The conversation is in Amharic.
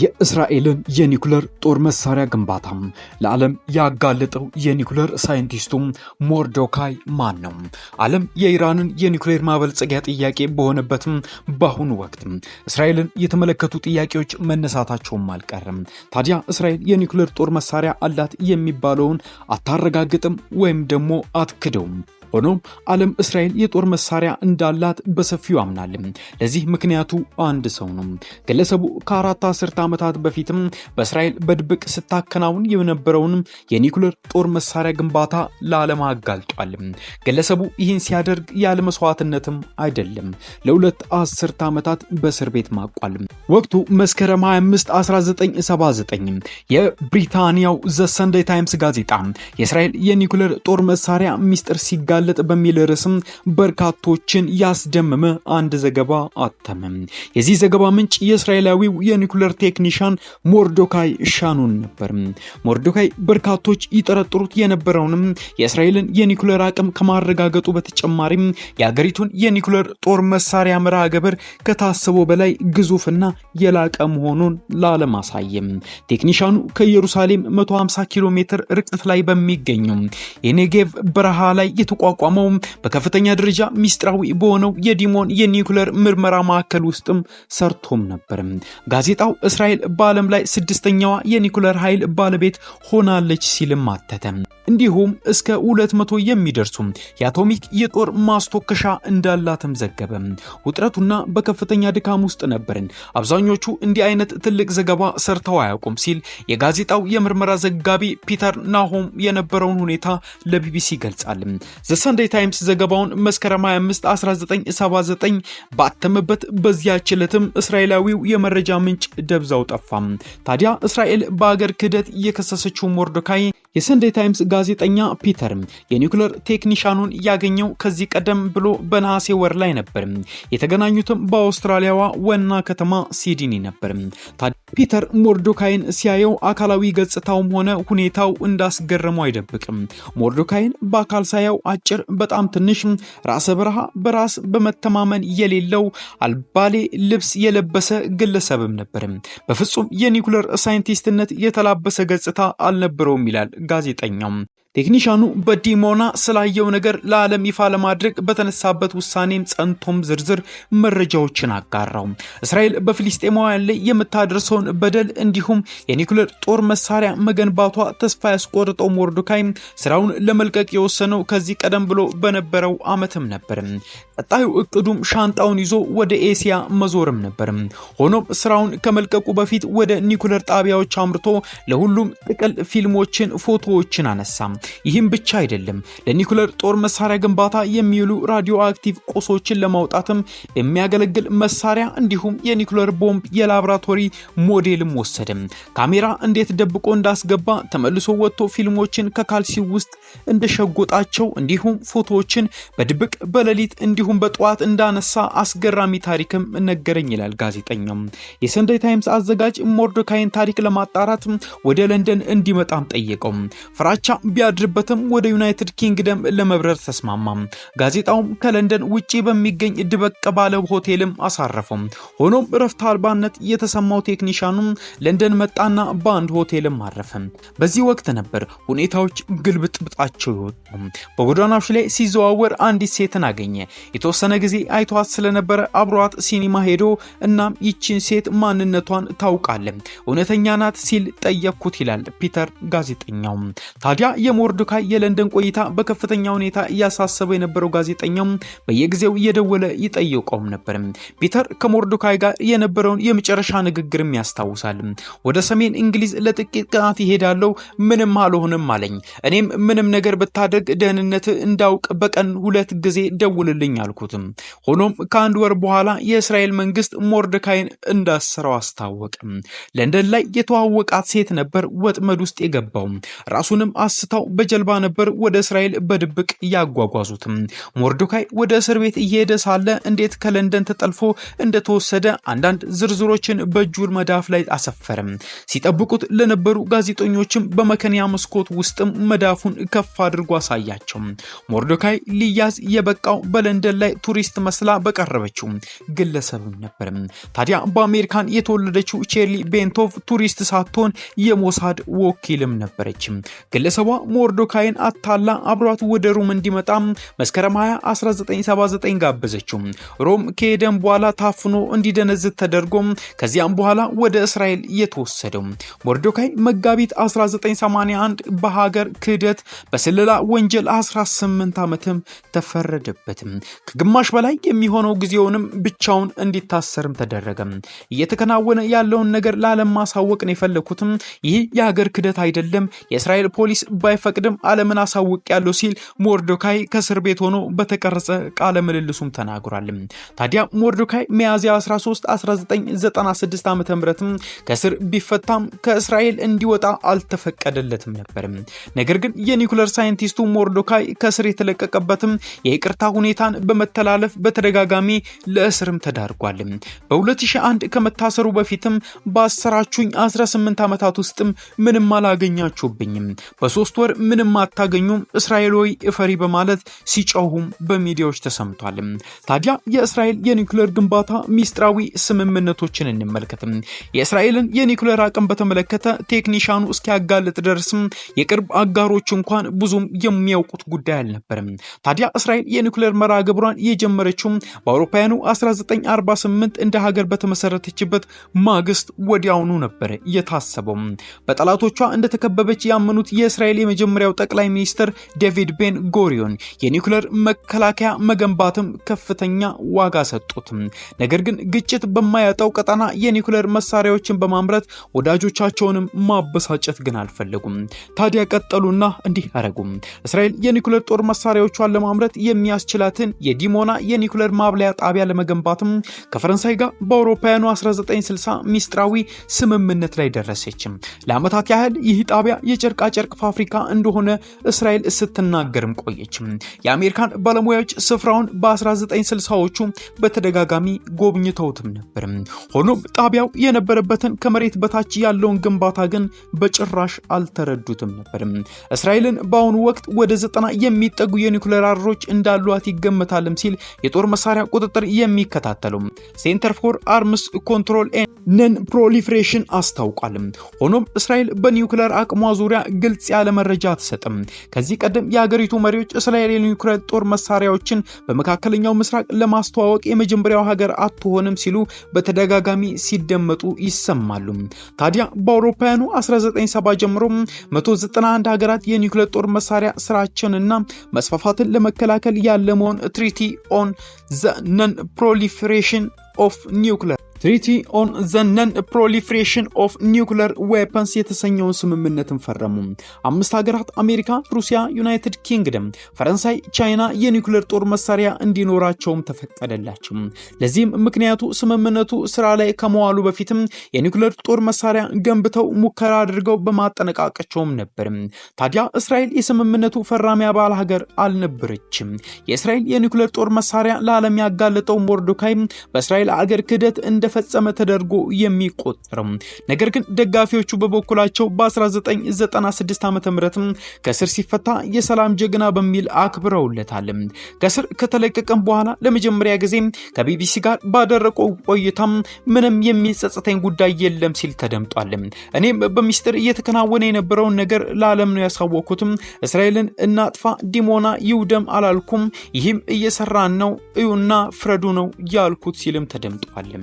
የእስራኤልን የኒኩለር ጦር መሳሪያ ግንባታ ለዓለም ያጋለጠው የኒኩለር ሳይንቲስቱ ሞርዶካይ ማን ነው? ዓለም የኢራንን የኒኩሌር ማበልጸጊያ ጥያቄ በሆነበትም በአሁኑ ወቅት እስራኤልን የተመለከቱ ጥያቄዎች መነሳታቸውም አልቀርም። ታዲያ እስራኤል የኒኩለር ጦር መሳሪያ አላት የሚባለውን አታረጋግጥም ወይም ደግሞ አትክደውም። ሆኖም ዓለም እስራኤል የጦር መሳሪያ እንዳላት በሰፊው አምናል። ለዚህ ምክንያቱ አንድ ሰው ነው። ግለሰቡ ከአራት አስርት ዓመታት በፊትም በእስራኤል በድብቅ ስታከናውን የነበረውን የኒኩሌር ጦር መሳሪያ ግንባታ ለዓለም አጋልጧል። ግለሰቡ ይህን ሲያደርግ ያለ መስዋዕትነትም አይደለም። ለሁለት አስርት ዓመታት በእስር ቤት ማቋል። ወቅቱ መስከረም 25 1979 የብሪታንያው ዘ ሰንደይ ታይምስ ጋዜጣ የእስራኤል የኒኩሌር ጦር መሳሪያ ሚስጥር ሲጋ ይጋለጥ በሚል ርዕስም በርካቶችን ያስደመመ አንድ ዘገባ አተመም የዚህ ዘገባ ምንጭ የእስራኤላዊው የኒኩለር ቴክኒሻን ሞርዶካይ ሻኑን ነበር። ሞርዶካይ በርካቶች ይጠረጥሩት የነበረውንም የእስራኤልን የኒኩለር አቅም ከማረጋገጡ በተጨማሪም የአገሪቱን የኒኩለር ጦር መሳሪያ መርሃ ግብር ከታሰበው በላይ ግዙፍና የላቀ መሆኑን ላለማሳየም ቴክኒሻኑ ከኢየሩሳሌም 150 ኪሎ ሜትር ርቀት ላይ በሚገኙ የኔጌቭ በረሃ ላይ የተቋ የተቋቋመውም በከፍተኛ ደረጃ ሚስጥራዊ በሆነው የዲሞን የኒውክለር ምርመራ ማዕከል ውስጥም ሰርቶም ነበር። ጋዜጣው እስራኤል በዓለም ላይ ስድስተኛዋ የኒውክለር ኃይል ባለቤት ሆናለች ሲልም አተተ። እንዲሁም እስከ 200 የሚደርሱ የአቶሚክ የጦር ማስተከሻ እንዳላትም ዘገበ። ውጥረቱና በከፍተኛ ድካም ውስጥ ነበርን። አብዛኞቹ እንዲህ አይነት ትልቅ ዘገባ ሰርተው አያውቁም ሲል የጋዜጣው የምርመራ ዘጋቢ ፒተር ናሆም የነበረውን ሁኔታ ለቢቢሲ ገልጻል። ዘሰንደይ ታይምስ ዘገባውን መስከረም 25 1979 ባተመበት በዚያች ዕለትም እስራኤላዊው የመረጃ ምንጭ ደብዛው ጠፋም። ታዲያ እስራኤል በአገር ክህደት እየከሰሰችው ሞርዶካይ የሰንዴ ታይምስ ጋዜጠኛ ፒተር የኒውክለር ቴክኒሻኑን ያገኘው ከዚህ ቀደም ብሎ በነሐሴ ወር ላይ ነበር። የተገናኙትም በአውስትራሊያዋ ዋና ከተማ ሲድኒ ነበር። ፒተር ሞርዶካይን ሲያየው አካላዊ ገጽታውም ሆነ ሁኔታው እንዳስገረመው አይደብቅም። ሞርዶካይን በአካል ሳያው አጭር፣ በጣም ትንሽ፣ ራሰ በረሃ፣ በራስ በመተማመን የሌለው አልባሌ ልብስ የለበሰ ግለሰብም ነበር። በፍጹም የኒውክለር ሳይንቲስትነት የተላበሰ ገጽታ አልነበረውም ይላል ጋዜጠኛውም ቴክኒሻኑ በዲሞና ስላየው ነገር ለዓለም ይፋ ለማድረግ በተነሳበት ውሳኔም ጸንቶም ዝርዝር መረጃዎችን አጋራው። እስራኤል በፊሊስጤማውያን ላይ የምታደርሰውን በደል እንዲሁም የኒኩሌር ጦር መሳሪያ መገንባቷ ተስፋ ያስቆርጠው ሞርዶካይ ስራውን ለመልቀቅ የወሰነው ከዚህ ቀደም ብሎ በነበረው ዓመትም ነበር። ቀጣዩ እቅዱም ሻንጣውን ይዞ ወደ ኤሲያ መዞርም ነበር። ሆኖም ስራውን ከመልቀቁ በፊት ወደ ኒኩሌር ጣቢያዎች አምርቶ ለሁሉም ጥቅል ፊልሞችን፣ ፎቶዎችን አነሳም። ይህም ብቻ አይደለም፣ ለኒኩለር ጦር መሳሪያ ግንባታ የሚውሉ ራዲዮ አክቲቭ ቁሶችን ለማውጣትም የሚያገለግል መሳሪያ እንዲሁም የኒኩለር ቦምብ የላብራቶሪ ሞዴልም ወሰደም። ካሜራ እንዴት ደብቆ እንዳስገባ ተመልሶ ወጥቶ ፊልሞችን ከካልሲ ውስጥ እንደሸጎጣቸው እንዲሁም ፎቶዎችን በድብቅ በሌሊት እንዲሁም በጠዋት እንዳነሳ አስገራሚ ታሪክም ነገረኝ ይላል ጋዜጠኛው። የሰንደይ ታይምስ አዘጋጅ ሞርዶካይን ታሪክ ለማጣራት ወደ ለንደን እንዲመጣም ጠየቀው። ፍራቻ ቢያ ሊያድርበትም ወደ ዩናይትድ ኪንግደም ለመብረር ተስማማ። ጋዜጣውም ከለንደን ውጪ በሚገኝ ድበቅ ባለ ሆቴልም አሳረፈው። ሆኖም እረፍት አልባነት የተሰማው ቴክኒሻኑም ለንደን መጣና በአንድ ሆቴልም አረፈ። በዚህ ወቅት ነበር ሁኔታዎች ግልብጥብጣቸው ይወጡ። በጎዳናዎች ላይ ሲዘዋወር አንዲት ሴትን አገኘ። የተወሰነ ጊዜ አይቷት ስለነበረ አብሯት ሲኒማ ሄዶ እናም ይችን ሴት ማንነቷን ታውቃለ፣ እውነተኛ ናት ሲል ጠየቅኩት ይላል ፒተር ጋዜጠኛው ታዲያ የሞርዶካይ የለንደን ቆይታ በከፍተኛ ሁኔታ እያሳሰበው የነበረው ጋዜጠኛው በየጊዜው እየደወለ ይጠየቀውም ነበር። ፒተር ከሞርዶካይ ጋር የነበረውን የመጨረሻ ንግግርም ያስታውሳል። ወደ ሰሜን እንግሊዝ ለጥቂት ቀናት ይሄዳለው፣ ምንም አልሆንም አለኝ። እኔም ምንም ነገር ብታደርግ ደህንነት እንዳውቅ በቀን ሁለት ጊዜ ደውልልኝ አልኩትም። ሆኖም ከአንድ ወር በኋላ የእስራኤል መንግስት ሞርዶካይን እንዳሰረው አስታወቀ። ለንደን ላይ የተዋወቃት ሴት ነበር ወጥመድ ውስጥ የገባው። ራሱንም አስታው በጀልባ ነበር ወደ እስራኤል በድብቅ ያጓጓዙትም። ሞርዶካይ ወደ እስር ቤት እየሄደ ሳለ እንዴት ከለንደን ተጠልፎ እንደተወሰደ አንዳንድ ዝርዝሮችን በእጁር መዳፍ ላይ አሰፈርም። ሲጠብቁት ለነበሩ ጋዜጠኞችም በመከንያ መስኮት ውስጥም መዳፉን ከፍ አድርጎ አሳያቸው። ሞርዶካይ ሊያዝ የበቃው በለንደን ላይ ቱሪስት መስላ በቀረበችው ግለሰብም ነበር። ታዲያ በአሜሪካን የተወለደችው ቼርሊ ቤንቶቭ ቱሪስት ሳትሆን የሞሳድ ወኪልም ነበረች። ግለሰቧ ሞርዶካይን አታላ አብሯት ወደ ሮም እንዲመጣ መስከረም 20 1979 ጋበዘችው። ሮም ከሄደም በኋላ ታፍኖ እንዲደነዝት ተደርጎ ከዚያም በኋላ ወደ እስራኤል እየተወሰደው ሞርዶካይ መጋቢት 1981 በሀገር ክህደት በስለላ ወንጀል 18 ዓመትም ተፈረደበት። ከግማሽ በላይ የሚሆነው ጊዜውንም ብቻውን እንዲታሰርም ተደረገ። እየተከናወነ ያለውን ነገር ላለማሳወቅ ነው የፈለኩትም። ይህ የሀገር ክህደት አይደለም የእስራኤል ፖሊስ ባይፈ አልፈቅድም ዓለምን አሳውቅ ያለው ሲል ሞርዶካይ ከእስር ቤት ሆኖ በተቀረጸ ቃለ ምልልሱም ተናግሯል። ታዲያ ሞርዶካይ ሚያዝያ 13 1996 ዓ ም ከእስር ቢፈታም ከእስራኤል እንዲወጣ አልተፈቀደለትም ነበርም። ነገር ግን የኒኩለር ሳይንቲስቱ ሞርዶካይ ከእስር የተለቀቀበትም የይቅርታ ሁኔታን በመተላለፍ በተደጋጋሚ ለእስርም ተዳርጓል። በ2001 ከመታሰሩ በፊትም በአሰራችሁኝ 18 ዓመታት ውስጥም ምንም አላገኛችሁብኝም፣ በሶስት ወር ምንም አታገኙም እስራኤል ወይ እፈሪ በማለት ሲጮሁም በሚዲያዎች ተሰምቷል። ታዲያ የእስራኤል የኒውክሌር ግንባታ ሚስጥራዊ ስምምነቶችን እንመልከትም። የእስራኤልን የኒውክሌር አቅም በተመለከተ ቴክኒሻኑ እስኪያጋልጥ ደርስም የቅርብ አጋሮች እንኳን ብዙም የሚያውቁት ጉዳይ አልነበርም። ታዲያ እስራኤል የኒውክሌር መርሃ ግብሯን የጀመረችውም በአውሮፓውያኑ 1948 እንደ ሀገር በተመሰረተችበት ማግስት ወዲያውኑ ነበር የታሰበው። በጠላቶቿ እንደተከበበች ያመኑት የእስራኤል የመጀመሪያው ጠቅላይ ሚኒስትር ዴቪድ ቤን ጎሪዮን የኒውክሌር መከላከያ መገንባትም ከፍተኛ ዋጋ ሰጡትም። ነገር ግን ግጭት በማያጣው ቀጠና የኒውክሌር መሳሪያዎችን በማምረት ወዳጆቻቸውንም ማበሳጨት ግን አልፈለጉም። ታዲያ ቀጠሉና እንዲህ አረጉም። እስራኤል የኒውክሌር ጦር መሳሪያዎቿን ለማምረት የሚያስችላትን የዲሞና የኒውክሌር ማብለያ ጣቢያ ለመገንባትም ከፈረንሳይ ጋር በአውሮፓውያኑ 1960 ሚስጥራዊ ስምምነት ላይ ደረሰችም። ለዓመታት ያህል ይህ ጣቢያ የጨርቃጨርቅ ፋብሪካ እንደሆነ እስራኤል ስትናገርም ቆየችም። የአሜሪካን ባለሙያዎች ስፍራውን በ1960ዎቹ በተደጋጋሚ ጎብኝተውትም ነበር። ሆኖም ጣቢያው የነበረበትን ከመሬት በታች ያለውን ግንባታ ግን በጭራሽ አልተረዱትም ነበር። እስራኤልን በአሁኑ ወቅት ወደ ዘጠና የሚጠጉ የኒኩሌር አረሮች እንዳሏት ይገመታልም ሲል የጦር መሳሪያ ቁጥጥር የሚከታተለው ሴንተር ፎር አርምስ ኮንትሮል ነን ፕሮሊፍሬሽን አስታውቋል። ሆኖም እስራኤል በኒውክሌር አቅሟ ዙሪያ ግልጽ ያለ መረጃ አትሰጥም። ከዚህ ቀደም የሀገሪቱ መሪዎች እስራኤል የኒውክሌር ጦር መሳሪያዎችን በመካከለኛው ምስራቅ ለማስተዋወቅ የመጀመሪያው ሀገር አትሆንም ሲሉ በተደጋጋሚ ሲደመጡ ይሰማሉ። ታዲያ በአውሮፓውያኑ 1970 ጀምሮ 191 ሀገራት የኒውክሌር ጦር መሳሪያ ስራችንና መስፋፋትን ለመከላከል ያለመሆን ትሪቲ ኦን ዘ ነን ፕሮሊፌሬሽን ኦፍ ኒውክሌር ትሪቲ ኦን ዘ ነን ፕሮሊፍሬሽን ኦፍ ኒውክለር ዌፐንስ የተሰኘውን ስምምነትን ፈረሙ። አምስት ሀገራት አሜሪካ፣ ሩሲያ፣ ዩናይትድ ኪንግደም፣ ፈረንሳይ፣ ቻይና የኒውክለር ጦር መሳሪያ እንዲኖራቸውም ተፈቀደላቸው። ለዚህም ምክንያቱ ስምምነቱ ስራ ላይ ከመዋሉ በፊትም የኒውክለር ጦር መሳሪያ ገንብተው ሙከራ አድርገው በማጠነቃቀቸውም ነበር። ታዲያ እስራኤል የስምምነቱ ፈራሚ አባል ሀገር አልነበረችም። የእስራኤል የኒውክለር ጦር መሳሪያ ለዓለም ያጋለጠው ሞርዶካይ በእስራኤል አገር ክህደት እንደ እንደፈጸመ ተደርጎ የሚቆጠርም ነገር ግን ደጋፊዎቹ በበኩላቸው በ1996 ዓ ም ከስር ሲፈታ የሰላም ጀግና በሚል አክብረውለታል። ከስር ከተለቀቀም በኋላ ለመጀመሪያ ጊዜ ከቢቢሲ ጋር ባደረቀው ቆይታም ምንም የሚጸጸተኝ ጉዳይ የለም ሲል ተደምጧል። እኔም በሚስጥር እየተከናወነ የነበረውን ነገር ለዓለም ነው ያሳወኩትም። እስራኤልን እናጥፋ፣ ዲሞና ይውደም አላልኩም። ይህም እየሰራን ነው፣ እዩና ፍረዱ ነው ያልኩት ሲልም ተደምጧል።